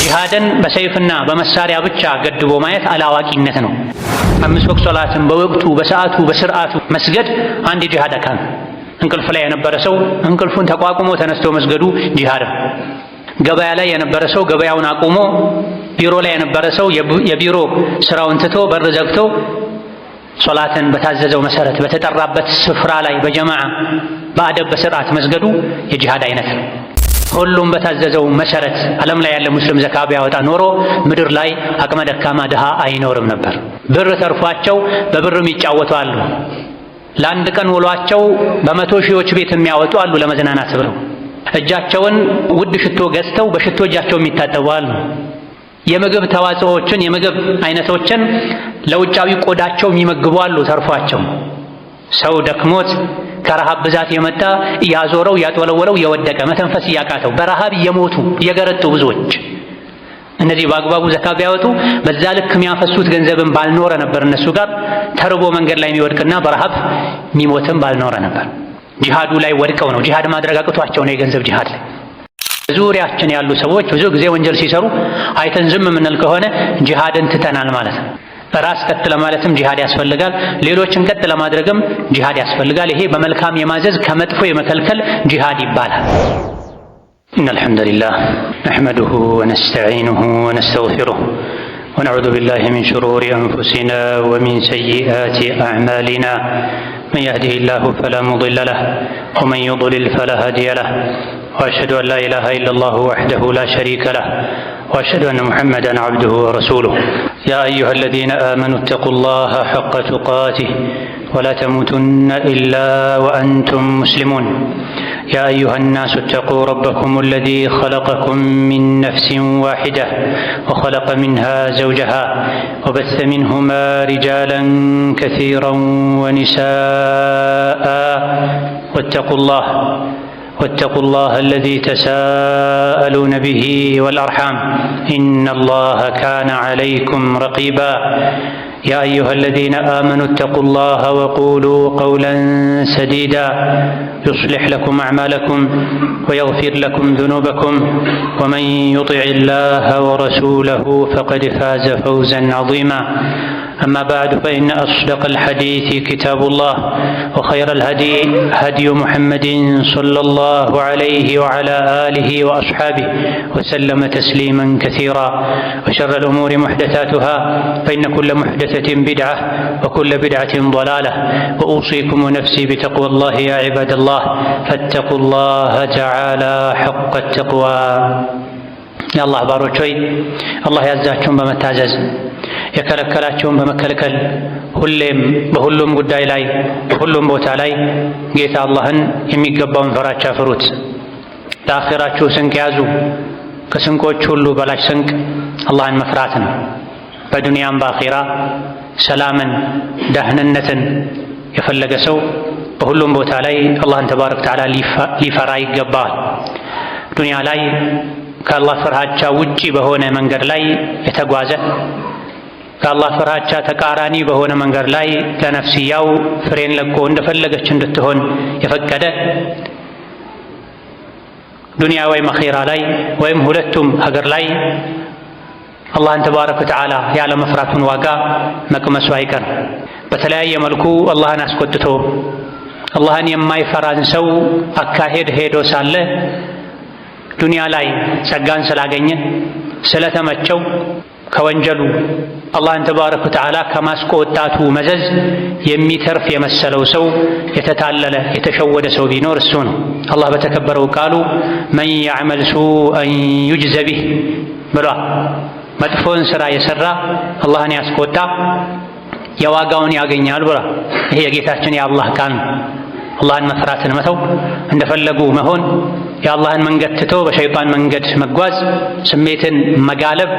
ጂሃድን በሰይፍና በመሳሪያ ብቻ ገድቦ ማየት አላዋቂነት ነው። አምስት ወቅት ሶላትን በወቅቱ በሰዓቱ በስርዓቱ መስገድ አንድ የጂሃድ አካል ነው። እንቅልፍ ላይ የነበረ ሰው እንቅልፉን ተቋቁሞ ተነስቶ መስገዱ ጂሃድ ነው። ገበያ ላይ የነበረ ሰው ገበያውን አቁሞ፣ ቢሮ ላይ የነበረ ሰው የቢሮ ስራውን ትቶ በር ዘግቶ ሶላትን በታዘዘው መሰረት በተጠራበት ስፍራ ላይ በጀማዓ በአደብ በስርዓት መስገዱ የጂሃድ አይነት ነው። ሁሉም በታዘዘው መሰረት ዓለም ላይ ያለ ሙስሊም ዘካ ቢያወጣ ኖሮ ምድር ላይ አቅመ ደካማ ድሃ አይኖርም ነበር። ብር ተርፏቸው በብርም ይጫወቱ አሉ። ለአንድ ቀን ውሏቸው በመቶ ሺዎች ቤት የሚያወጡ አሉ ለመዝናናት ብለው። እጃቸውን ውድ ሽቶ ገዝተው በሽቶ እጃቸው የሚታጠቡ አሉ። የምግብ ተዋጽኦዎችን የምግብ አይነቶችን ለውጫዊ ቆዳቸው የሚመግቡ አሉ ተርፏቸው ሰው ደክሞት ከረሃብ ብዛት የመጣ እያዞረው እያጠወለወለው እየወደቀ መተንፈስ እያቃተው በረሃብ እየሞቱ እየገረጡ ብዙዎች እነዚህ በአግባቡ ዘካ ቢያወጡ በዛ ልክ የሚያፈሱት ገንዘብን ባልኖረ ነበር። እነሱ ጋር ተርቦ መንገድ ላይ የሚወድቅና በረሃብ የሚሞትም ባልኖረ ነበር። ጂሃዱ ላይ ወድቀው ነው ጂሃድ ማድረግ አቅቷቸው ነው የገንዘብ ጂሃድ ላይ። ዙሪያችን ያሉ ሰዎች ብዙ ጊዜ ወንጀል ሲሰሩ አይተን ዝም የምንል ከሆነ ጂሃድን ትተናል ማለት ነው። ራስ ቀጥ ለማለትም ጂሃድ ያስፈልጋል። ሌሎችን ቀጥ ለማድረግም ጂሃድ ያስፈልጋል። ይሄ በመልካም የማዘዝ ከመጥፎ የመከልከል ጂሃድ ይባላል። إن الحمد لله نحمده ونستعينه ونستغفره ونعوذ بالله من شرور أنفسنا ومن سيئات أعمالنا من يهده الله فلا مضل له ومن يضلل فلا هادي له واشهد ان لا اله الا الله وحده لا شريك له واشهد ان محمدا عبده ورسوله يا ايها الذين امنوا اتقوا الله حق تقاته ولا تموتن الا وانتم مسلمون يا ايها الناس اتقوا ربكم الذي خلقكم من نفس واحده وخلق منها زوجها وبث منهما رجالا كثيرا ونساء واتقوا الله واتقوا الله الذي تساءلون به والأرحام إن الله كان عليكم رقيبا يا أيها الذين آمنوا اتقوا الله وقولوا قولا سديدا يصلح لكم أعمالكم ويغفر لكم ذنوبكم ومن يطع الله ورسوله فقد فاز فوزا عظيما أما بعد فإن أصدق الحديث كتاب الله وخير الهدي هدي محمد صلى الله عليه وعلى آله وأصحابه وسلم تسليما كثيرا وشر الأمور محدثاتها فإن كل محدث محدثة بدعة وكل بدعة ضلالة وأوصيكم نفسي بتقوى الله يا عباد الله فاتقوا الله تعالى حق التقوى يا الله باروتوي الله يعزاكم بما تعزز የከለከላቸውን በመከልከል ሁሌም በሁሉም ጉዳይ ላይ በሁሉም ቦታ ላይ ጌታ አላህን የሚገባውን ፈራቻ ፍሩት። ለአኼራችሁ ስንቅ ያዙ። ከስንቆች ሁሉ በላሽ ስንቅ አላህን መፍራት ነው። በዱንያም በአኼራ ሰላምን፣ ደህንነትን የፈለገ ሰው በሁሉም ቦታ ላይ አላህን ተባረክ ተዓላ ሊፈራ ይገባል። ዱንያ ላይ ከአላህ ፍርሃቻ ውጪ በሆነ መንገድ ላይ የተጓዘ ከአላህ ፍርሃቻ ተቃራኒ በሆነ መንገድ ላይ ለነፍስያው ፍሬን ለቆ እንደፈለገች እንድትሆን የፈቀደ ዱንያ ወይም አኼራ ላይ ወይም ሁለቱም ሀገር ላይ አላህን ተባረክ ወተዓላ ያለ መፍራቱን ዋጋ መቅመሱ አይቀርም። በተለያየ መልኩ አላህን አስቆጥቶ አላህን የማይፈራን ሰው አካሄድ ሄዶ ሳለ ዱንያ ላይ ጸጋን ስላገኘ ስለተመቸው ከወንጀሉ አላህን ተባረክ ወተዓላ ከማስቆጣቱ መዘዝ የሚተርፍ የመሰለው ሰው የተታለለ የተሸወደ ሰው ቢኖር እሱ ነው። አላህ በተከበረው ቃሉ መን ያዕመል ሱአን ዩጅዘ ቢህ ብሏል። መጥፎን ስራ የሰራ አላህን ያስቆጣ የዋጋውን ያገኛል ብሏል። ይሄ የጌታችን የአላህ ቃል ነው። አላህን መፍራትን መተው፣ እንደፈለጉ መሆን፣ የአላህን መንገድ ትቶ በሸይጣን መንገድ መጓዝ፣ ስሜትን መጋለብ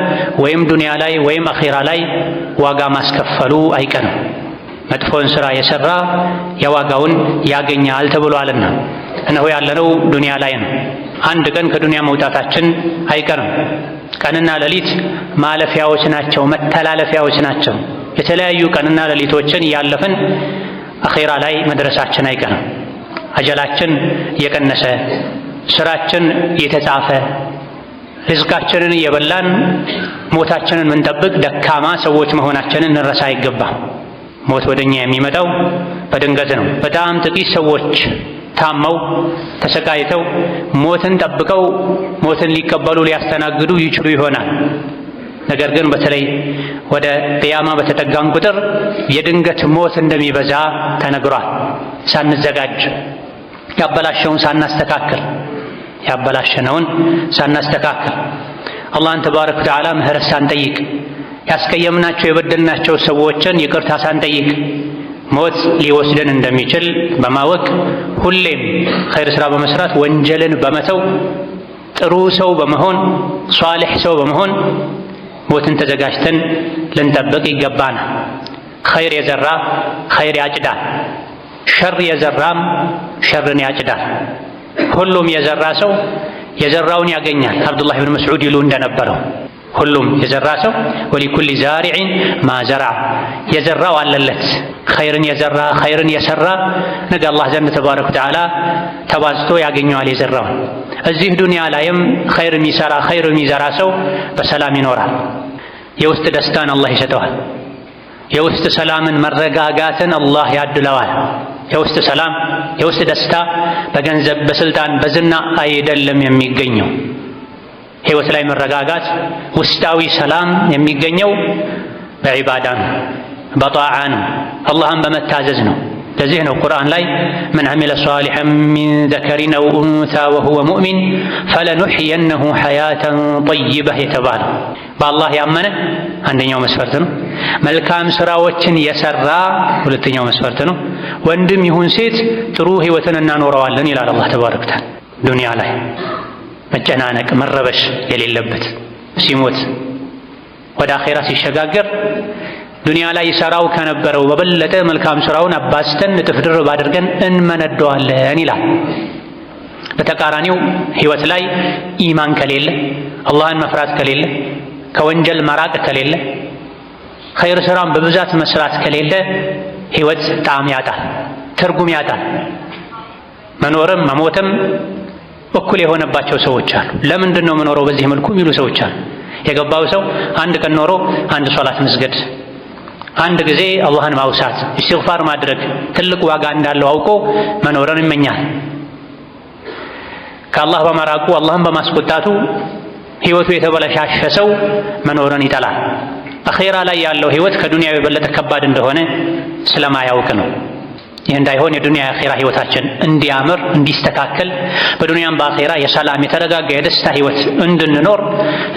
ወይም ዱንያ ላይ ወይም አኼራ ላይ ዋጋ ማስከፈሉ አይቀርም። መጥፎን ስራ የሰራ የዋጋውን ያገኛል ተብሏልና እነሆ ያለነው ዱንያ ላይ ነው። አንድ ቀን ከዱንያ መውጣታችን አይቀርም። ቀንና ሌሊት ማለፊያዎች ናቸው፣ መተላለፊያዎች ናቸው። የተለያዩ ቀንና ሌሊቶችን እያለፍን አኼራ ላይ መድረሳችን አይቀርም። አጀላችን እየቀነሰ ስራችን እየተጻፈ ሪዝቃችንን እየበላን ሞታችንን ምንጠብቅ ደካማ ሰዎች መሆናችንን እንረሳ አይገባም። ሞት ወደኛ የሚመጣው በድንገት ነው። በጣም ጥቂት ሰዎች ታመው ተሰቃይተው ሞትን ጠብቀው ሞትን ሊቀበሉ ሊያስተናግዱ ይችሉ ይሆናል። ነገር ግን በተለይ ወደ ቅያማ በተጠጋን ቁጥር የድንገት ሞት እንደሚበዛ ተነግሯል። ሳንዘጋጅ ያበላሸውን ሳናስተካክል ያበላሸነውን ሳናስተካክል አላህን ተባረከ ወተዓላ ምህረት ሳንጠይቅ ያስቀየምናቸው የበደልናቸው ሰዎችን ይቅርታ ሳንጠይቅ ሞት ሊወስደን እንደሚችል በማወቅ ሁሌም ኸይር ሥራ በመስራት ወንጀልን በመተው ጥሩ ሰው በመሆን ሷልሕ ሰው በመሆን ሞትን ተዘጋጅተን ልንጠብቅ ይገባናል። ኸይር የዘራ ኸይር ያጭዳል፣ ሸር የዘራም ሸርን ያጭዳል። ሁሉም የዘራ ሰው የዘራውን ያገኛል። አብዱላህ ብን መስዑድ ይሉ እንደነበረው ሁሉም የዘራ ሰው ወሊኩሊ ዛሪዒን ማዘራ የዘራው አለለት። ኸይርን የዘራ ኸይርን የሰራ ነገ አላህ ዘንድ ተባረክ ወተዓላ ተባዝቶ ያገኘዋል የዘራውን። እዚህ ዱንያ ላይም ኸይር የሚሰራ ኸይር የሚዘራ ሰው በሰላም ይኖራል። የውስጥ ደስታን አላህ ይሰጠዋል። የውስጥ ሰላምን መረጋጋትን አላህ ያድለዋል። የውስጥ ሰላም የውስጥ ደስታ በገንዘብ በስልጣን በዝና አይደለም የሚገኘው ህይወት ላይ መረጋጋት፣ ውስጣዊ ሰላም የሚገኘው በዒባዳ ነው፣ በጣዓ ነው፣ አላህን በመታዘዝ ነው። ለዚህ ነው ቁርአን ላይ መን ዐሚለ ሷሊሐን ሚን ዘከሪን አው ኡንሳ ወሁወ ሙእሚን ፈለኑሕየነሁ ሐያተን ጠይበህ የተባለው። በአላህ ያመነ አንደኛው መስፈርት ነው። መልካም ስራዎችን የሰራ ሁለተኛው መስፈርት ነው። ወንድም ይሁን ሴት ጥሩ ህይወትን እናኖረዋለን ይላል አላህ ተባረክታል። ዱንያ ላይ መጨናነቅ፣ መረበሽ የሌለበት ሲሞት ወደ አኼራ ሲሸጋገር ዱንያ ላይ ይሰራው ከነበረው በበለጠ መልካም ስራውን አባዝተን እጥፍ ድርብ አድርገን እንመነደዋለን ይላል። በተቃራኒው ህይወት ላይ ኢማን ከሌለ፣ አላህን መፍራት ከሌለ፣ ከወንጀል መራቅ ከሌለ፣ ኸይር ስራን በብዛት መስራት ከሌለ ህይወት ጣዕም ያጣል፣ ትርጉም ያጣል። መኖርም መሞትም እኩል የሆነባቸው ሰዎች አሉ። ለምንድን ነው የምኖረው በዚህ መልኩ የሚሉ ሰዎች አሉ። የገባው ሰው አንድ ቀን ኖሮ አንድ ሶላት መስገድ፣ አንድ ጊዜ አላህን ማውሳት፣ ኢስቲግፋር ማድረግ ትልቅ ዋጋ እንዳለው አውቆ መኖርን ይመኛል። ከአላህ በመራቁ አላህን በማስቆጣቱ ህይወቱ የተበለሻሸ ሰው መኖርን ይጠላል። አኼራ ላይ ያለው ህይወት ከዱንያው የበለጠ ከባድ እንደሆነ ስለማያውቅ ነው። ይህ እንዳይሆን የዱንያ የአኼራ ህይወታችን እንዲያምር እንዲስተካከል በዱንያም በአኼራ የሰላም የተረጋጋ የደስታ ህይወት እንድንኖር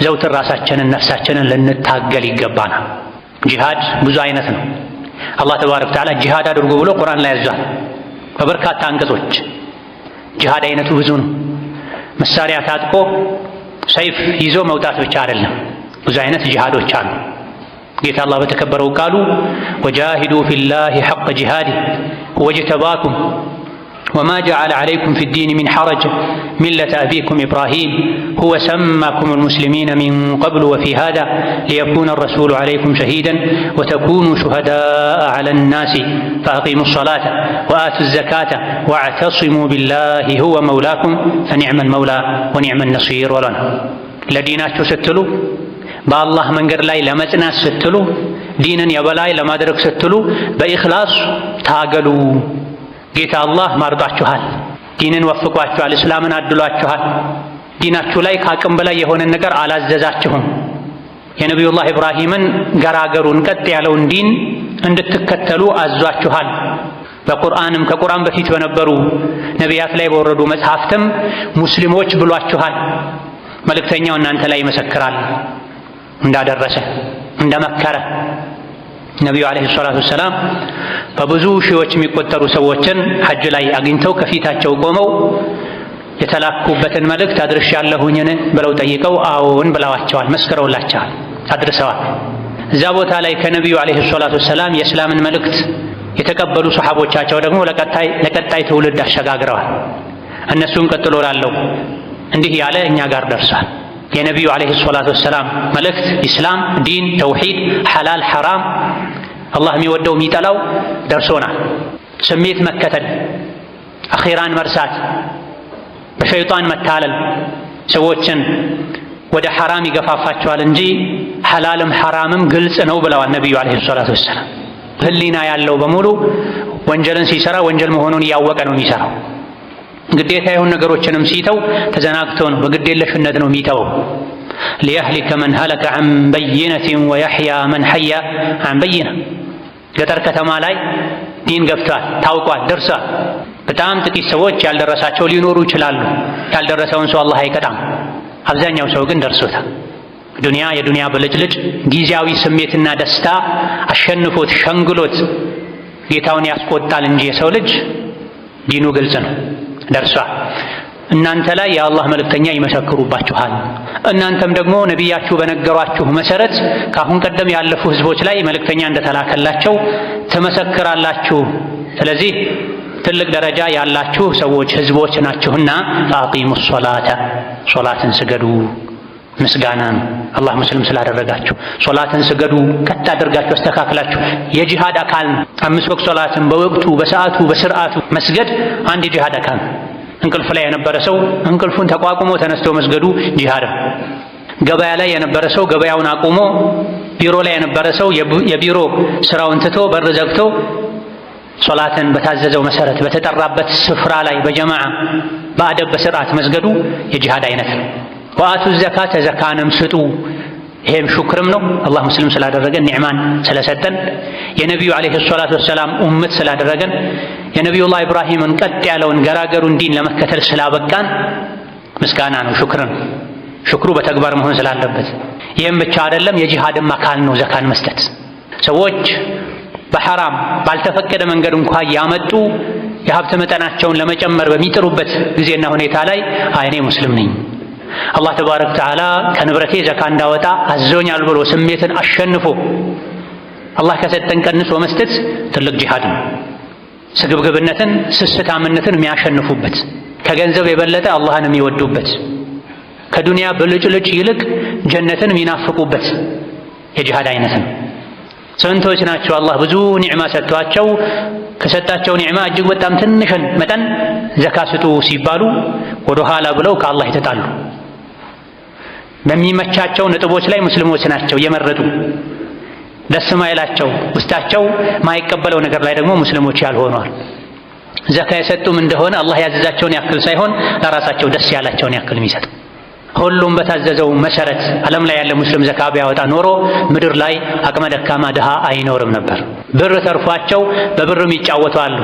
ዘውትር ራሳችንን ነፍሳችንን ልንታገል ይገባናል። ጂሃድ ብዙ አይነት ነው። አላህ ተባረከ ወተዓላ ጂሃድ አድርጉ ብሎ ቁርአን ላይ ያዟል በበርካታ አንቀጾች። ጂሃድ አይነቱ ብዙ ነው። መሳሪያ ታጥቆ ሰይፍ ይዞ መውጣት ብቻ አይደለም፣ ብዙ አይነት ጂሃዶች አሉ። ጌታ አላህ በተከበረው ቃሉ ወጃሂዱ ፊላሂ ሐቀ ጂሃዲህ ወጅተባኩም ወማ ጀዐለ ዐለይኩም ፊዲን ሚን ሐረጅ ሚለተ አቢኩም ኢብራሂም ሁወ ሰማኩም አልሙስሊሚነ ሚን ቀብሉ ወፊ ሃዛ ሊየኩነ ረሱሉ ዐለይኩም ሸሂደን ወተኩኑ ሹሀዳአ ዐለ ናሲ ፈአቂሙ ሰላተ ወአቱ ዘካተ ወዕተሲሙ ቢላሂ ሁወ መውላኩም ፈኒዕመ ልመውላ ወኒዕመ ነሲር ወሏል ለዲናቸው ስትሉ በአላህ መንገድ ላይ ለመጽናት ስትሉ ዲንን የበላይ ለማድረግ ስትሉ በኢኽላስ ታገሉ። ጌታ አላህ ማርጧችኋል፣ ዲንን ወፍቋችኋል፣ እስላምን አድሏችኋል። ዲናችሁ ላይ ከአቅም በላይ የሆነን ነገር አላዘዛችሁም። የነቢዩላህ ኢብራሂምን ገራገሩን ቀጥ ያለውን ዲን እንድትከተሉ አዟችኋል። በቁርአንም ከቁርአን በፊት በነበሩ ነቢያት ላይ በወረዱ መጽሐፍትም ሙስሊሞች ብሏችኋል። መልእክተኛው እናንተ ላይ ይመሰክራል። እንዳደረሰ እንደመከረ ነቢዩ ዓለይሂ ሰላቱ ወሰላም በብዙ ሺዎች የሚቆጠሩ ሰዎችን ሐጅ ላይ አግኝተው ከፊታቸው ቆመው የተላኩበትን መልእክት አድርሻለሁኝን ብለው ጠይቀው አዎን ብለዋቸዋል፣ መስክረውላቸዋል፣ አድርሰዋል። እዛ ቦታ ላይ ከነቢዩ ዓለይሂ ሰላቱ ወሰላም የእስላምን መልእክት የተቀበሉ ሰሓቦቻቸው ደግሞ ለቀጣይ ትውልድ አሸጋግረዋል። እነሱን ቀጥሎ ላለው እንዲህ ያለ እኛ ጋር ደርሷል። የነቢዩ ዓለይሂ ሰላቱ ወሰላም መልእክት ኢስላም፣ ዲን፣ ተውሂድ፣ ሐላል ሐራም፣ አላህ የሚወደው የሚጠላው ደርሶናል። ስሜት መከተል፣ አኼራን መርሳት፣ በሸይጣን መታለል ሰዎችን ወደ ሐራም ይገፋፋቸዋል እንጂ ሐላልም ሐራምም ግልጽ ነው ብለዋል ነቢዩ ዓለይሂ ሰላቱ ወሰላም። ህሊና ያለው በሙሉ ወንጀልን ሲሰራ ወንጀል መሆኑን እያወቀ ነው የሚሰራው። ግዴታ የሆኑ ነገሮችንም ሲተው ተዘናግቶ ነው፣ በግዴለሽነት ነው የሚተወው። ሊያህሊከ መን ሀለከ አን በይነትን ወያሕያ መን ሐያ አን በይነ። ገጠር ከተማ ላይ ዲን ገብቷል፣ ታውቋል፣ ደርሷል። በጣም ጥቂት ሰዎች ያልደረሳቸው ሊኖሩ ይችላሉ። ያልደረሰውን ሰው አላህ አይቀጣም። አብዛኛው ሰው ግን ደርሶታል። ዱንያ የዱንያ ብልጭልጭ ጊዜያዊ ስሜትና ደስታ አሸንፎት ሸንግሎት ጌታውን ያስቆጣል እንጂ የሰው ልጅ ዲኑ ግልጽ ነው። ደርሷል። እናንተ ላይ የአላህ መልእክተኛ ይመሰክሩባችኋል። እናንተም ደግሞ ነቢያችሁ በነገሯችሁ መሰረት ከአሁን ቀደም ያለፉ ህዝቦች ላይ መልእክተኛ እንደተላከላቸው ትመሰክራላችሁ። ስለዚህ ትልቅ ደረጃ ያላችሁ ሰዎች ህዝቦች ናችሁና አቂሙ ሶላተ ሶላትን ስገዱ ምስጋና ነው። አላህ ሙስሊም ስላደረጋችሁ ሶላትን ስገዱ፣ ቀጥ አድርጋችሁ አስተካክላችሁ። የጂሃድ አካል ነው። አምስት ወቅት ሶላትን በወቅቱ በሰዓቱ በስርዓቱ መስገድ አንድ የጂሃድ አካል ነው። እንቅልፍ ላይ የነበረ ሰው እንቅልፉን ተቋቁሞ ተነስቶ መስገዱ ጂሃድ ነው። ገበያ ላይ የነበረ ሰው ገበያውን አቁሞ፣ ቢሮ ላይ የነበረ ሰው የቢሮ ስራውን ትቶ በር ዘግቶ ሶላትን በታዘዘው መሰረት በተጠራበት ስፍራ ላይ በጀማዓ በአደብ በስርዓት መስገዱ የጂሃድ አይነት ነው። ወአቱ ዘካተ ዘካንም ስጡ። ይሄም ሹክርም ነው አላህ ሙስሊም ስላደረገን ኒዕማን ስለሰጠን የነቢዩ ዓለይሂ ሰላቱ ወሰላም ኡመት ስላደረገን የነቢዩላህ ኢብራሂምን ቀጥ ያለውን ገራገሩን ዲን ለመከተል ስላበቃን ምስጋና ነው፣ ሹክር ነው። ሹክሩ በተግባር መሆን ስላለበት ይህም ብቻ አይደለም፣ የጂሃድም አካል ነው ዘካን መስጠት። ሰዎች በሐራም ባልተፈቀደ መንገድ እንኳ ያመጡ የሀብት መጠናቸውን ለመጨመር በሚጥሩበት ጊዜና ሁኔታ ላይ አይኔ ሙስሊም ነኝ አላህ ተባረከ ወተዓላ ከንብረቴ ዘካ እንዳወጣ አዞኛል ብሎ ስሜትን አሸንፎ አላህ ከሰጠን ቀንሶ መስጠት ትልቅ ጂሃድ ነው። ስግብግብነትን፣ ስስታምነትን የሚያሸንፉበት ከገንዘብ የበለጠ አላህን የሚወዱበት ከዱንያ ብልጭልጭ ይልቅ ጀነትን የሚናፍቁበት የጂሃድ አይነት ነው። ስንቶች ናቸው አላህ ብዙ ኒዕማ ሰጥቷቸው ከሰጣቸው ኒዕማ እጅግ በጣም ትንሽን መጠን ዘካ ስጡ ሲባሉ ወደ ኋላ ብለው ከአላህ ይተጣሉ። በሚመቻቸው ነጥቦች ላይ ሙስሊሞች ናቸው የመረጡ። ደስ ማይላቸው ውስጣቸው ማይቀበለው ነገር ላይ ደግሞ ሙስሊሞች ያልሆኗል። ዘካ የሰጡም እንደሆነ አላህ ያዘዛቸውን ያክል ሳይሆን ለራሳቸው ደስ ያላቸውን ያክል የሚሰጥ ሁሉም በታዘዘው መሰረት ዓለም ላይ ያለ ሙስሊም ዘካ ቢያወጣ ኖሮ ምድር ላይ አቅመ ደካማ ድሃ አይኖርም ነበር። ብር ተርፏቸው በብርም ይጫወቱ አሉ።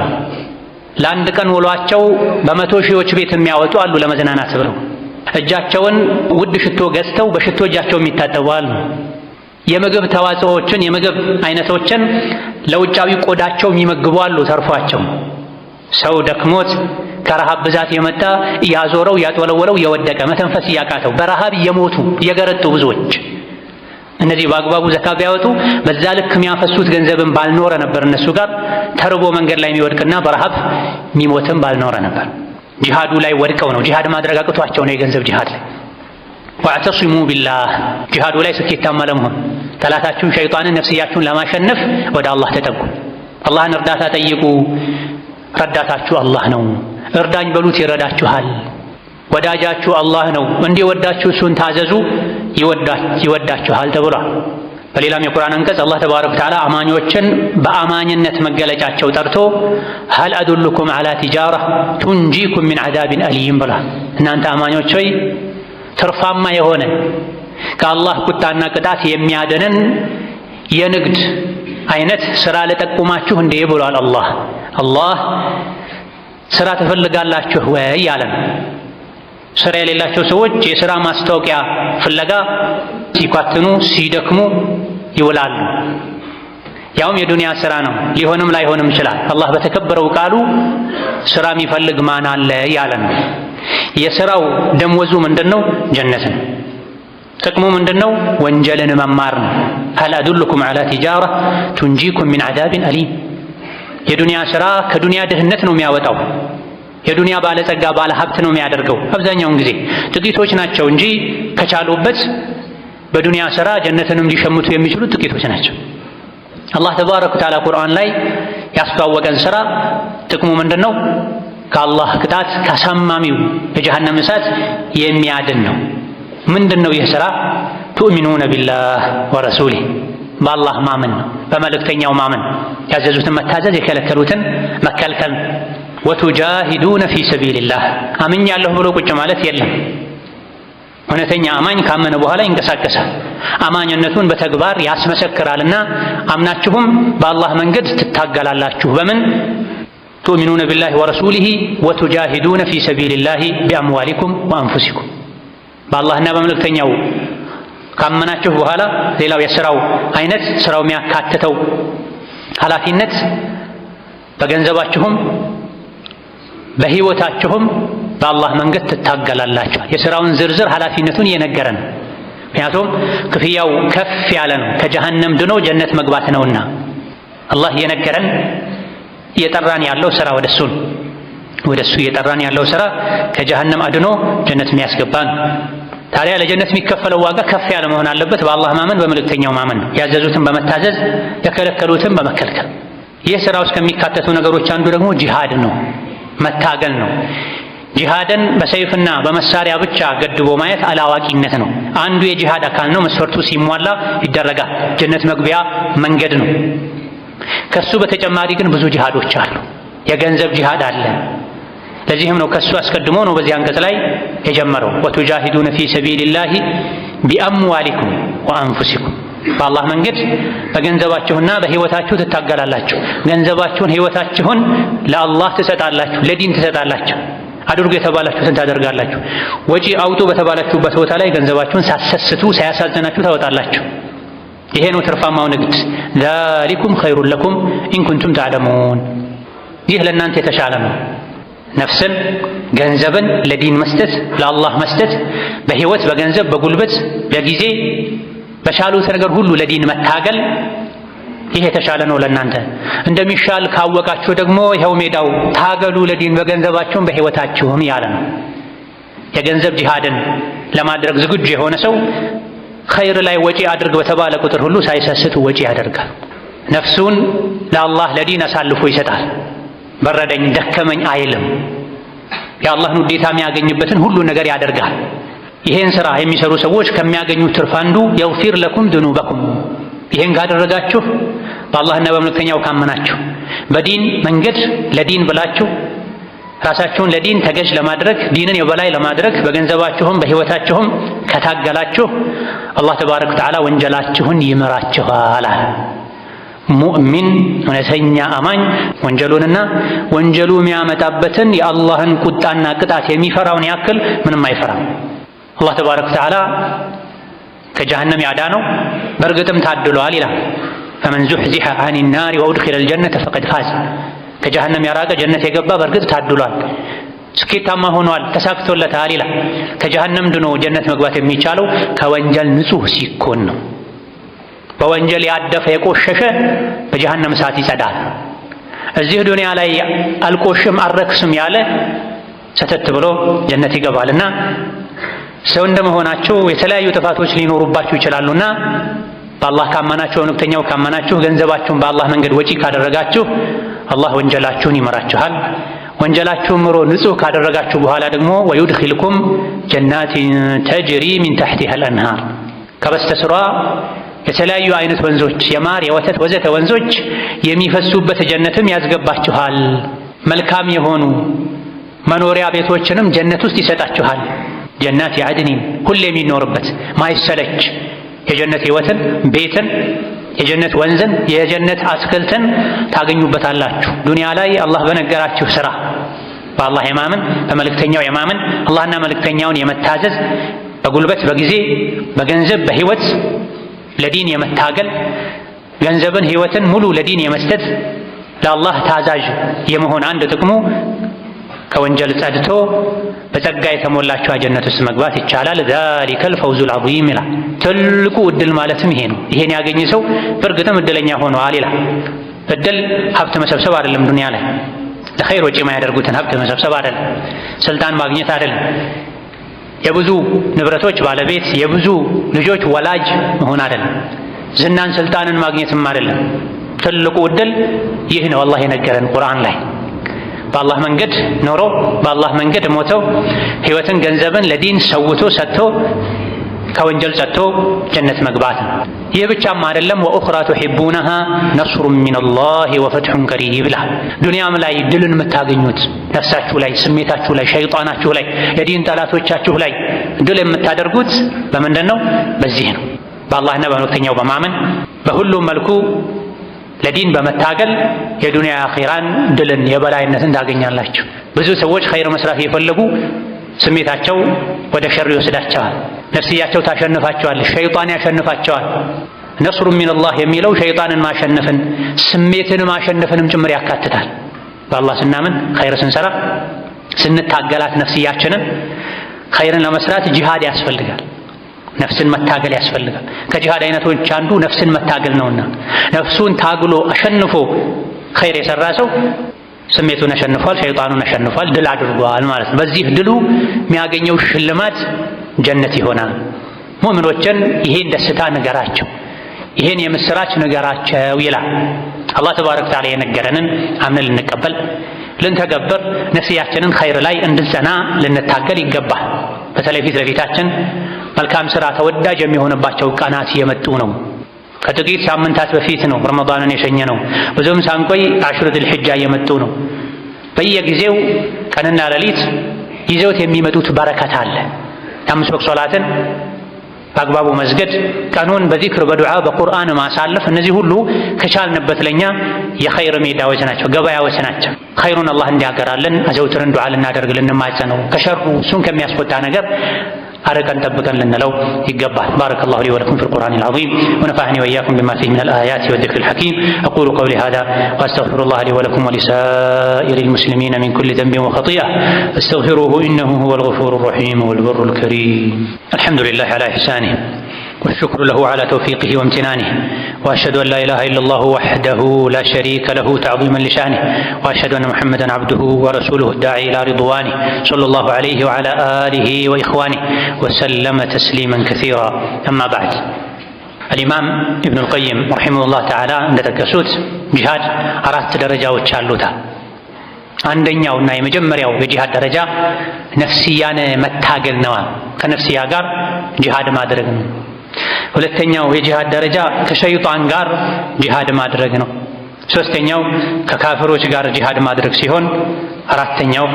ለአንድ ቀን ውሏቸው በመቶ ሺዎች ቤት የሚያወጡ አሉ ለመዝናናት ብለው እጃቸውን ውድ ሽቶ ገዝተው በሽቶ እጃቸው ይታጠባል። የምግብ ተዋጽኦዎችን የምግብ አይነቶችን ለውጫዊ ቆዳቸው የሚመግቡ ተርፏቸው። ሰው ደክሞት ከረሃብ ብዛት የመጣ ያዞረው ያጠወለወለው የወደቀ መተንፈስ እያቃተው በረሃብ የሞቱ የገረጡ ብዙዎች እነዚህ በአግባቡ ዘካ ቢያወጡ በዛ ልክ የሚያፈሱት ገንዘብን ባልኖረ ነበር። እነሱ ጋር ተርቦ መንገድ ላይ የሚወድቅና በረሃብ የሚሞትም ባልኖረ ነበር። ጂሃዱ ላይ ወድቀው ነው ጂሃድ ማድረግ አቅቷቸው ነው የገንዘብ ጂሃድ ላይ ወአዕተሲሙ ቢላህ ጂሃዱ ላይ ስኬታማ ለመሆን ጠላታችሁን ሸይጣንን ነፍስያችሁን ለማሸነፍ ወደ አላህ ተጠጉ አላህን እርዳታ ጠይቁ ረዳታችሁ አላህ ነው እርዳኝ በሉት ይረዳችኋል ወዳጃችሁ አላህ ነው እንዲህ ወዳችሁ እሱን ታዘዙ ይወዳችኋል ተብሏል በሌላም የቁርአን አንቀጽ አላህ ተባረከ ወተዓላ አማኞችን በአማኝነት መገለጫቸው ጠርቶ ሀል አዱልኩም ዓላ ቲጃራ ቱንጂኩም ሚን ዓዛቢን አሊይም ብሏል። እናንተ አማኞች ሆይ ትርፋማ የሆነ ከአላህ ቁጣና ቅጣት የሚያደንን የንግድ አይነት ስራ ልጠቁማችሁ እንዴ ብሏል። አላህ አላህ ስራ ትፈልጋላችሁ ወይ አለን። ስራ የሌላቸው ሰዎች የስራ ማስታወቂያ ፍለጋ ሲኳትኑ ሲደክሙ ይውላሉ። ያውም የዱንያ ስራ ነው። ሊሆንም ላይሆንም ይችላል። አላህ በተከበረው ቃሉ ስራ የሚፈልግ ማን አለ ያለ ነው። የሥራው ደመወዙ ምንድነው? ጀነት ነው። ጥቅሙ ምንድነው ወንጀልን መማር ነው። ሀል አዱልኩም ዓላ ቲጃራ ቱንጂኩም ሚን ዐዛቢን አሊም። የዱንያ ስራ ከዱንያ ድህነት ነው የሚያወጣው የዱንያ ባለጸጋ ባለ ሀብት ነው የሚያደርገው። አብዛኛውን ጊዜ ጥቂቶች ናቸው እንጂ ከቻሉበት በዱንያ ሥራ ጀነትንም ሊሸምቱ የሚችሉ ጥቂቶች ናቸው። አላህ ተባረከ ወተዓላ ቁርአን ላይ ያስተዋወቀን ሥራ ጥቅሙ ምንድን ነው? ከአላህ ቅጣት ካሳማሚው የጀሃነም እሳት የሚያድን ነው። ምንድን ነው ይህ ሥራ? ቱእሚኑነ ቢላህ ወረሱሊህ በአላህ ማመን ነው፣ በመልእክተኛው ማመን፣ ያዘዙትን መታዘዝ፣ የከለከሉትን መከልከል ወቱጃሂዱነ ፊ ሰቢልላህ አምኛለሁ ብሎ ቁጭ ማለት የለም። እውነተኛ አማኝ ካመነ በኋላ ይንቀሳቀሳል። አማኝነቱን በተግባር ያስመሰክራልና አምናችሁም በአላህ መንገድ ትታገላላችሁ። በምን ቱእሚኑነ ቢላሂ ወረሱሊሂ ወቱጃሂዱነ ፊ ሰቢልላሂ ቢአምዋሊኩም ወአንፉሲኩም። በአላህና በመልእክተኛው ካመናችሁ በኋላ ሌላው የሥራው አይነት ሥራው የሚያካትተው ኃላፊነት በገንዘባችሁም በህይወታችሁም በአላህ መንገድ ትታገላላችሁ። የሥራውን ዝርዝር ኃላፊነቱን እየነገረ ነው። ምክንያቱም ክፍያው ከፍ ያለ ነው፣ ከጀሃነም ድኖ ጀነት መግባት ነውና አላህ እየነገረን እየጠራን ያለው ሥራ ወደሱ ነው። ወደሱ እየጠራን ያለው ሥራ ከጀሃነም አድኖ ጀነት የሚያስገባ ነው። ታዲያ ለጀነት የሚከፈለው ዋጋ ከፍ ያለ መሆን አለበት። በአላህ ማመን፣ በመልእክተኛው ማመን ነው። ያዘዙትን በመታዘዝ የከለከሉትን በመከልከል ይህ ሥራ ውስጥ ከሚካተቱ ነገሮች አንዱ ደግሞ ጂሃድ ነው። መታገል ነው። ጂሃድን በሰይፍና በመሳሪያ ብቻ ገድቦ ማየት አላዋቂነት ነው። አንዱ የጂሃድ አካል ነው። መስፈርቱ ሲሟላ ይደረጋል። ጀነት መግቢያ መንገድ ነው። ከሱ በተጨማሪ ግን ብዙ ጂሃዶች አሉ። የገንዘብ ጂሃድ አለ። ለዚህም ነው ከሱ አስቀድሞ ነው በዚህ አንቀጽ ላይ የጀመረው ወቱጃሂዱነ ፊ ሰቢልላሂ ቢአምዋሊኩም ወአንፉሲኩም በአላህ መንገድ በገንዘባችሁና በህይወታችሁ ትታገላላችሁ። ገንዘባችሁን፣ ህይወታችሁን ለአላህ ትሰጣላችሁ፣ ለዲን ትሰጣላችሁ። አድርጉ የተባላችሁትን ታደርጋላችሁ። ወጪ አውጡ በተባላችሁበት ቦታ ላይ ገንዘባችሁን ሳሰስቱ ሳያሳዝናችሁ ታወጣላችሁ። ይሄ ነው ትርፋማው ንግድ። ዛሊኩም ኸይሩን ለኩም ኢንኩንቱም ተዕለሙን፣ ይህ ለእናንተ የተሻለ ነው። ነፍስን ገንዘብን ለዲን መስጠት፣ ለአላህ መስጠት፣ በህይወት በገንዘብ በጉልበት በጊዜ በቻሉት ነገር ሁሉ ለዲን መታገል ይህ የተሻለ ነው ለእናንተ። እንደሚሻል ካወቃችሁ ደግሞ ይኸው ሜዳው ታገሉ ለዲን በገንዘባችሁም በሕይወታችሁም ያለ ነው። የገንዘብ ጂሃድን ለማድረግ ዝግጁ የሆነ ሰው ኸይር ላይ ወጪ አድርግ በተባለ ቁጥር ሁሉ ሳይሰስት ወጪ ያደርጋል። ነፍሱን ለአላህ ለዲን አሳልፎ ይሰጣል። በረደኝ ደከመኝ አይልም። የአላህን ውዴታ የሚያገኝበትን ሁሉ ነገር ያደርጋል። ይሄን ስራ የሚሰሩ ሰዎች ከሚያገኙት ትርፍ አንዱ የውፊር ለኩም ድኑበኩም ይሄን ካደረጋችሁ በአላህና በመልእክተኛው ካመናችሁ በዲን መንገድ ለዲን ብላችሁ ራሳችሁን ለዲን ተገዥ ለማድረግ ዲንን የበላይ ለማድረግ በገንዘባችሁም በህይወታችሁም ከታገላችሁ አላህ ተባረከ ወተዓላ ወንጀላችሁን ይምራችኋል። ሙእሚን እውነተኛ አማኝ ወንጀሉንና ወንጀሉ የሚያመጣበትን የአላህን ቁጣና ቅጣት የሚፈራውን ያክል ምንም አይፈራም። አላህ ተባረከ ወተዓላ ከጀሃነም ያዳነው በእርግጥም ታድሏል ይላል። ፈመን ዙሕዚሐ አኒ ናሪ ወኡድኺለል ጀነተ ፈቀድ ፋዝ። ከጀሃነም ያራቀ ጀነት የገባ በእርግጥ ታድሏል፣ ስኬታማ ሆኗል፣ ተሳክቶለታል ይላል። ከጀሃነም ድኖ ጀነት መግባት የሚቻለው ከወንጀል ንጹሕ ሲኮን ነው። በወንጀል ያደፈ የቆሸሸ በጀሃነም እሳት ይጸዳል። እዚህ ዱንያ ላይ አልቆሽም አረክስም ያለ ሰተት ብሎ ጀነት ይገባልና ሰው እንደመሆናችሁ የተለያዩ ጥፋቶች ሊኖሩባችሁ ይችላሉና በአላህ ካመናችሁ በመልእክተኛው ካመናችሁ ገንዘባችሁን በአላህ መንገድ ወጪ ካደረጋችሁ አላህ ወንጀላችሁን ይመራችኋል። ወንጀላችሁን ምሮ ንጹህ ካደረጋችሁ በኋላ ደግሞ ወዩድኺልኩም ጀናቲን ተጅሪ ሚን ተሕቲሃ አልአንሃር ከበስተስሯ የተለያዩ አይነት ወንዞች የማር፣ የወተት ወዘተ ወንዞች የሚፈሱበት ጀነትም ያስገባችኋል። መልካም የሆኑ መኖሪያ ቤቶችንም ጀነት ውስጥ ይሰጣችኋል። ጀናት የአድኒን ሁሌ የሚኖርበት ማይሰለች የጀነት ህይወትን፣ ቤትን፣ የጀነት ወንዝን፣ የጀነት አትክልትን ታገኙበታላችሁ። ዱንያ ላይ አላህ በነገራችሁ ስራ በአላህ የማመን በመልእክተኛው የማመን አላህና መልእክተኛውን የመታዘዝ በጉልበት በጊዜ በገንዘብ በህይወት ለዲን የመታገል ገንዘብን ህይወትን ሙሉ ለዲን የመስጠት ለአላህ ታዛዥ የመሆን አንድ ጥቅሙ ከወንጀል ጸድቶ በጸጋ የተሞላቸው አጀነት ውስጥ መግባት ይቻላል። ዛሊከል ፈውዙል አዚም ይላል። ትልቁ እድል ማለትም ይሄ ነው። ይሄን ያገኘ ሰው በእርግጥም እድለኛ ሆኗል ይላል። እድል ሀብት መሰብሰብ አይደለም። ዱንያ ላይ ለኸይር ወጪ የማያደርጉትን ሀብት መሰብሰብ አይደለም። ስልጣን ማግኘት አይደለም። የብዙ ንብረቶች ባለቤት የብዙ ልጆች ወላጅ መሆን አይደለም። ዝናን ስልጣንን ማግኘትም አይደለም። ትልቁ እድል ይህ ነው። አላህ የነገረን ቁርአን ላይ በአላህ መንገድ ኖሮ በአላህ መንገድ ሞቶ ህይወትን፣ ገንዘብን ለዲን ሰውቶ ሰጥቶ ከወንጀል ጸጥቶ ጀነት መግባት ነው። ይህ ብቻም አይደለም። ወኡኽራ ቱሒቡነሃ ነስሩን ሚነላሂ ወፈትሑን ቀሪብ ይብላ ዱንያም ላይ ድልን የምታገኙት ነፍሳችሁ ላይ፣ ስሜታችሁ ላይ፣ ሸይጣናችሁ ላይ፣ የዲን ጠላቶቻችሁ ላይ ድል የምታደርጉት በምንድን ነው? በዚህ ነው። በአላህና በመልእክተኛው በማመን በሁሉም መልኩ ለዲን በመታገል የዱንያ አኺራን ድልን የበላይነትን ታገኛላችሁ። ብዙ ሰዎች ኸይር መስራት እየፈለጉ ስሜታቸው ወደ ሸር ይወስዳቸዋል። ነፍስያቸው ታሸንፋቸዋል ሸይጣን ያሸንፋቸዋል። ነስሩ ሚንላህ የሚለው ሸይጣንን ማሸነፍን ስሜትን ማሸነፍንም ጭምር ያካትታል። በአላህ ስናምን ኸይር ስንሰራ ስንታገላት ነፍስያችንን ኸይርን ለመስራት ጂሃድ ያስፈልጋል። ነፍስን መታገል ያስፈልጋል። ከጂሃድ አይነቶች አንዱ ነፍስን መታገል ነውና ነፍሱን ታግሎ አሸንፎ ኸይር የሰራ ሰው ስሜቱን አሸንፏል፣ ሸይጣኑን አሸንፏል፣ ድል አድርጓል ማለት ነው። በዚህ ድሉ የሚያገኘው ሽልማት ጀነት ይሆናል። ሙእሚኖችን ይሄን ደስታ ንገራቸው፣ ይሄን የምስራች ንገራቸው ይላል። አላህ ተባረከ ወተዓላ የነገረንን አምነን ልንቀበል ልንተገብር፣ ነፍስያችንን ኸይር ላይ እንድንጸና ልንታገል ይገባል። በተለይ ፊት ለፊታችን መልካም ሥራ ተወዳጅ የሚሆንባቸው ቀናት እየመጡ ነው። ከጥቂት ሳምንታት በፊት ነው ረመዳንን የሸኘ ነው። ብዙም ሳንቆይ አሽሩ ዙልሒጃ እየመጡ ነው። በየጊዜው ቀንና ሌሊት ይዘውት የሚመጡት በረከት አለ። የአምስት ወቅት ሶላትን በአግባቡ መስገድ፣ ቀኑን በዚክር በዱዓ በቁርአን ማሳለፍ፣ እነዚህ ሁሉ ከቻልንበት ለኛ የኸይር ሜዳዎች ናቸው፣ ገበያዎች ናቸው። ኸይሩን አላህ እንዲያገራለን አዘውትርን ዱዓ ልናደርግ ልንማጸነው፣ ከሸሩ እሱን ከሚያስቆጣ ነገር አርቀን ጠብቀን ልንለው ይገባል። ባረከ ላሁ ሊ ወለኩም ፊ ልቁርአን ልዓዚም ወነፋዕኒ ወኢያኩም ብማ ፊህ ምን አልአያት ወذክር ልሐኪም أقول قولي هذا وأستغفر الله لي ولكم ولسائر المسلمين من كل ذنب وخطيئة استغفروه إنه هو الغفور الرحيم والبر الكريم الحمد لله على إحسانه والشكر له على توفيقه وامتنانه واشهد ان لا اله الا الله وحده لا شريك له تعظيما لشانه واشهد ان محمدا عبده ورسوله الداعي الى رضوانه صلى الله عليه وعلى اله واخوانه وسلم تسليما كثيرا اما بعد الإمام ابن القيم رحمه القيም ረሒመሁላህ ተዓላ እንደጠቀሱት ጂሃድ አራት ደረጃዎች አሉታል። አንደኛውና የመጀመሪያው የጂሃድ ደረጃ ነፍስያን መታገል ነዋ። ከነፍስያ ጋር ጂሃድ ማድረግ ነው። ሁለተኛው የጂሃድ ደረጃ ከሸይጣን ጋር ጂሃድ ማድረግ ነው። ሶስተኛው ከካፍሮች ጋር ጂሃድ ማድረግ ሲሆን አራተኛው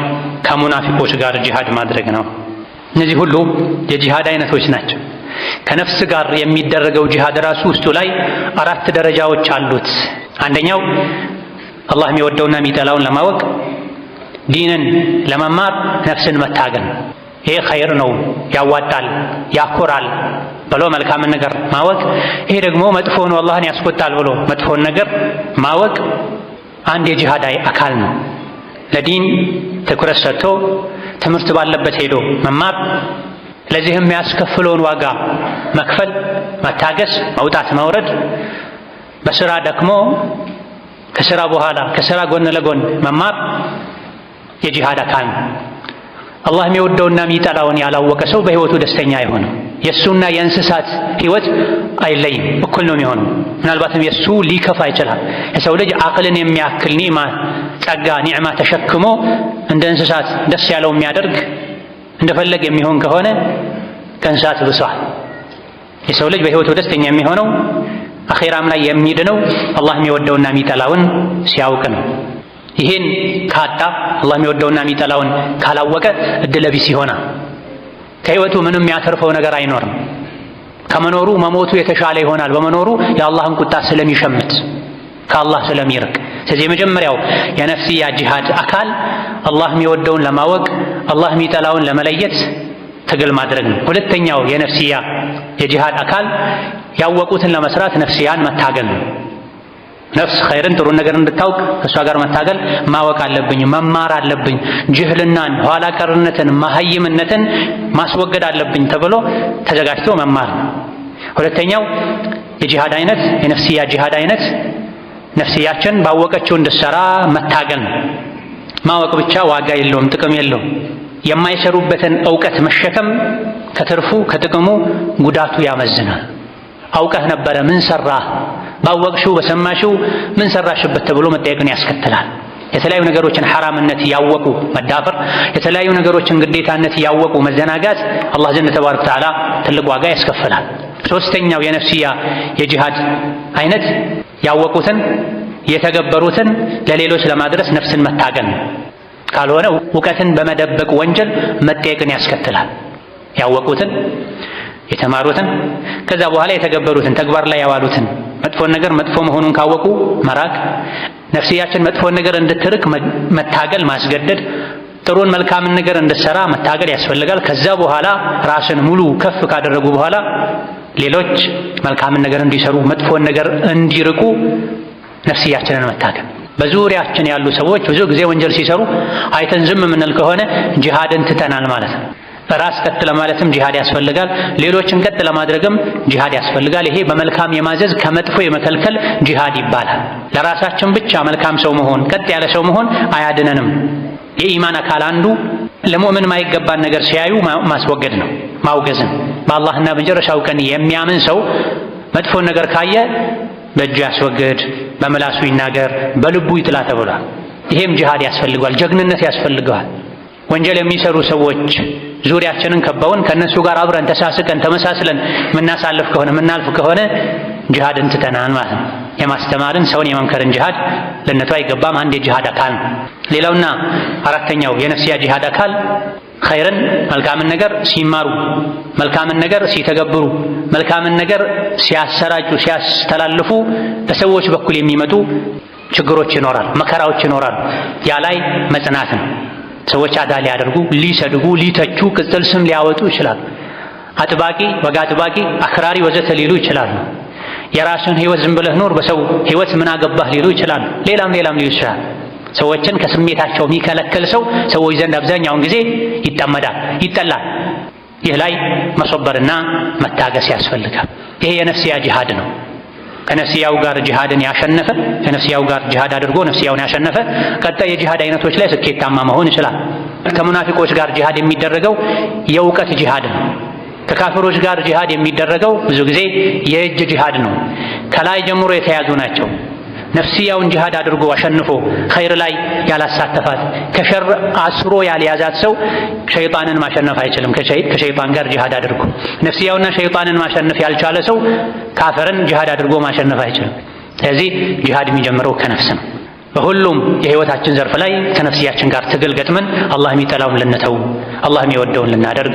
ከሙናፊቆች ጋር ጂሃድ ማድረግ ነው። እነዚህ ሁሉ የጂሃድ አይነቶች ናቸው። ከነፍስ ጋር የሚደረገው ጂሃድ ራሱ ውስጡ ላይ አራት ደረጃዎች አሉት። አንደኛው አላህ የሚወደውና የሚጠላውን ለማወቅ ዲንን ለመማር ነፍስን መታገል ይሄ ኸይር ነው፣ ያዋጣል፣ ያኮራል ብሎ መልካምን ነገር ማወቅ፣ ይሄ ደግሞ መጥፎ ነው፣ አላህን ያስቆጣል ብሎ መጥፎን ነገር ማወቅ አንድ የጂሃድ አካል ነው። ለዲን ትኩረት ሰጥቶ ትምህርት ባለበት ሄዶ መማር፣ ለዚህም የሚያስከፍለውን ዋጋ መክፈል፣ መታገስ፣ መውጣት፣ መውረድ፣ በስራ ደክሞ ከስራ በኋላ ከስራ ጎን ለጎን መማር የጂሃድ አካል ነው። አላህ የሚወደውና የሚጠላውን ያላወቀ ሰው በህይወቱ ደስተኛ አይሆንም። የእሱና የእንስሳት ህይወት አይለይም፣ እኩል ነው የሚሆነው። ምናልባትም የእሱ ሊከፋ ይችላል። የሰው ልጅ አቅልን የሚያክል ኒዕማ፣ ጸጋ፣ ኒዕማ ተሸክሞ እንደ እንስሳት ደስ ያለው የሚያደርግ እንደፈለግ የሚሆን ከሆነ ከእንስሳት ብሷል። የሰው ልጅ በህይወቱ ደስተኛ የሚሆነው አኼራም ላይ የሚድነው አላህ የሚወደውና የሚጠላውን ሲያውቅ ነው። ይሄን ካጣ አላህ የሚወደውና የሚጠላውን ካላወቀ እድለቢስ ይሆናል። ከህይወቱ ምንም የሚያተርፈው ነገር አይኖርም። ከመኖሩ መሞቱ የተሻለ ይሆናል። በመኖሩ የአላህን ቁጣ ስለሚሸምት ከአላህ ስለሚርቅ። ስለዚህ የመጀመሪያው የነፍስያ ጂሃድ አካል አላህ የሚወደውን ለማወቅ አላህ የሚጠላውን ለመለየት ትግል ማድረግ ነው። ሁለተኛው የነፍስያ የጂሃድ አካል ያወቁትን ለመስራት ነፍስያን መታገል ነው። ነፍስ ኸይርን ጥሩ ነገር እንድታውቅ ከእሷ ጋር መታገል ማወቅ አለብኝ፣ መማር አለብኝ። ጅህልናን፣ ኋላ ቀርነትን፣ መሀይምነትን ማስወገድ አለብኝ ተብሎ ተዘጋጅቶ መማር። ሁለተኛው የጂሃድ አይነት የነፍስያ ጂሃድ አይነት ነፍስያችን ባወቀችው እንድትሰራ መታገል። ማወቅ ብቻ ዋጋ የለውም፣ ጥቅም የለውም። የማይሰሩበትን እውቀት መሸከም ከትርፉ ከጥቅሙ ጉዳቱ ያመዝናል። አውቀህ ነበረ ምን ሰራህ? ባወቅሽው በሰማሽው ምን ሰራሽበት ተብሎ መጠየቅን ያስከትላል። የተለያዩ ነገሮችን ሐራምነት ያወቁ መዳፈር፣ የተለያዩ ነገሮችን ግዴታነት ያወቁ መዘናጋት አላህ ዘንድ ተባረከ ወተዓላ ትልቅ ዋጋ ያስከፍላል። ሶስተኛው የነፍስያ የጂሃድ አይነት ያወቁትን የተገበሩትን ለሌሎች ለማድረስ ነፍስን መታገል ነው። ካልሆነ እውቀትን በመደበቅ ወንጀል መጠየቅን ያስከትላል። ያወቁትን የተማሩትን ከዛ በኋላ የተገበሩትን ተግባር ላይ ያዋሉትን መጥፎን ነገር መጥፎ መሆኑን ካወቁ መራቅ፣ ነፍስያችን መጥፎን ነገር እንድትርቅ መታገል ማስገደድ፣ ጥሩን መልካምን ነገር እንድትሰራ መታገል ያስፈልጋል። ከዛ በኋላ ራስን ሙሉ ከፍ ካደረጉ በኋላ ሌሎች መልካምን ነገር እንዲሰሩ መጥፎን ነገር እንዲርቁ ነፍስያችንን መታገል። በዙሪያችን ያሉ ሰዎች ብዙ ጊዜ ወንጀል ሲሰሩ አይተን ዝም የምንል ከሆነ ጂሃድን ትተናል ማለት ነው። ራስ ቀጥ ለማለትም ጂሃድ ያስፈልጋል። ሌሎችን ቀጥ ለማድረግም ጂሃድ ያስፈልጋል። ይሄ በመልካም የማዘዝ ከመጥፎ የመከልከል ጂሃድ ይባላል። ለራሳችን ብቻ መልካም ሰው መሆን፣ ቀጥ ያለ ሰው መሆን አያድነንም። የኢማን አካል አንዱ ለሙእምን ማይገባን ነገር ሲያዩ ማስወገድ ነው፣ ማውገዝን። በአላህና በመጨረሻው ቀን የሚያምን ሰው መጥፎን ነገር ካየ በእጁ ያስወግድ፣ በመላሱ ይናገር፣ በልቡ ይጥላ ተብሏል። ይሄም ጂሃድ ያስፈልገዋል፣ ጀግንነት ያስፈልገዋል። ወንጀል የሚሰሩ ሰዎች ዙሪያችንን ከበውን ከእነሱ ጋር አብረን ተሳስቀን ተመሳስለን የምናሳልፍ ከሆነ የምናልፍ ከሆነ ጅሃድን ትተናል ማለት ነው። የማስተማርን ሰውን የመምከርን ጅሃድ ልነቱ አይገባም። አንድ የጅሃድ አካል ነው። ሌላውና አራተኛው የነፍስያ ጅሃድ አካል ኸይርን መልካምን ነገር ሲማሩ፣ መልካምን ነገር ሲተገብሩ፣ መልካምን ነገር ሲያሰራጩ፣ ሲያስተላልፉ በሰዎች በኩል የሚመጡ ችግሮች ይኖራል፣ መከራዎች ይኖራል። ያ ላይ መጽናት ነው። ሰዎች አዳ ሊያደርጉ፣ ሊሰድቡ፣ ሊተቹ፣ ቅጽል ስም ሊያወጡ ይችላሉ። አጥባቂ፣ ወግ አጥባቂ፣ አክራሪ ወዘተ ሊሉ ይችላሉ። የራስን ህይወት ዝም ብለህ ኖር፣ በሰው ህይወት ምን አገባህ ሊሉ ይችላሉ። ሌላም ሌላም ሊሉ ይችላል። ሰዎችን ከስሜታቸው የሚከለክል ሰው ሰዎች ዘንድ አብዛኛውን ጊዜ ይጠመዳል፣ ይጠላል። ይህ ላይ መሶበርና መታገስ ያስፈልጋል። ይሄ የነፍስያ ጅሃድ ነው። ከነፍስያው ጋር ጅሃድን ያሸነፈ ከነፍስያው ጋር ጅሃድ አድርጎ ነፍስያውን ያሸነፈ ቀጣይ የጅሃድ አይነቶች ላይ ስኬታማ መሆን ይችላል። ከሙናፊቆች ጋር ጅሃድ የሚደረገው የእውቀት ጅሃድ ነው። ከካፍሮች ጋር ጅሃድ የሚደረገው ብዙ ጊዜ የእጅ ጅሃድ ነው። ከላይ ጀምሮ የተያዙ ናቸው። ነፍስያውን ጅሃድ አድርጎ አሸንፎ ኸይር ላይ ያላሳተፋት ከሸር አስሮ ያልያዛት ሰው ሸይጣንን ማሸነፍ አይችልም። ከሸይጣን ጋር ጅሃድ አድርጎ ነፍስያውና ሸይጣንን ማሸነፍ ያልቻለ ሰው ካፈርን ጅሃድ አድርጎ ማሸነፍ አይችልም። ስለዚህ ጅሃድ የሚጀምረው ከነፍስ ነው። በሁሉም የህይወታችን ዘርፍ ላይ ከነፍስያችን ጋር ትግል ገጥመን አላህ የሚጠላውን ልንተው፣ አላህ የሚወደውን ልናደርግ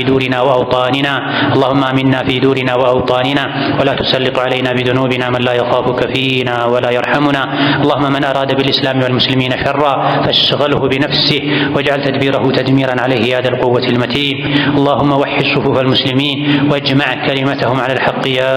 في دورنا وأوطاننا اللهم آمنا في دورنا وأوطاننا ولا تسلط علينا بذنوبنا من لا يخافك فينا ولا يرحمنا اللهم من أراد بالإسلام والمسلمين شرا فاشغله بنفسه واجعل تدبيره تدميرا عليه يا ذا القوة المتين اللهم وحد صفوف المسلمين واجمع كلمتهم على الحق يا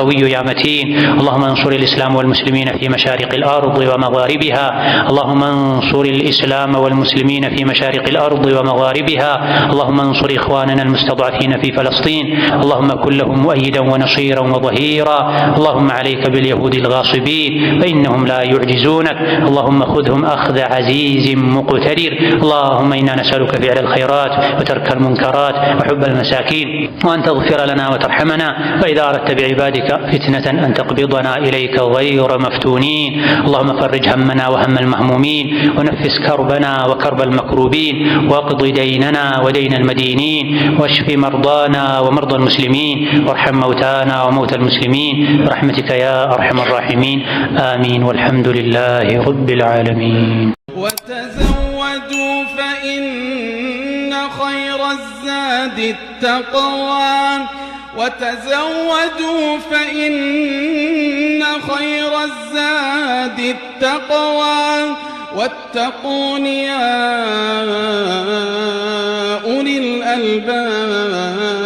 قوي يا متين اللهم انصر الإسلام والمسلمين في مشارق الأرض ومغاربها اللهم انصر الإسلام والمسلمين في مشارق الأرض ومغاربها اللهم انصر إخواننا إخواننا المستضعفين في فلسطين اللهم كن لهم مؤيدا ونصيرا وظهيرا اللهم عليك باليهود الغاصبين فإنهم لا يعجزونك اللهم خذهم أخذ عزيز مقتدر اللهم إنا نسألك فعل الخيرات وترك المنكرات وحب المساكين وأن تغفر لنا وترحمنا فإذا أردت بعبادك فتنة أن تقبضنا إليك غير مفتونين اللهم فرج همنا وهم المهمومين ونفس كربنا وكرب المكروبين واقض ديننا ودين المدينين واشف مرضانا ومرضى المسلمين وارحم موتانا وموتى المسلمين برحمتك يا أرحم الراحمين آمين والحمد لله رب العالمين وتزودوا فإن خير الزاد التقوى وتزودوا فإن خير الزاد التقوى واتقون يا أولي الألباب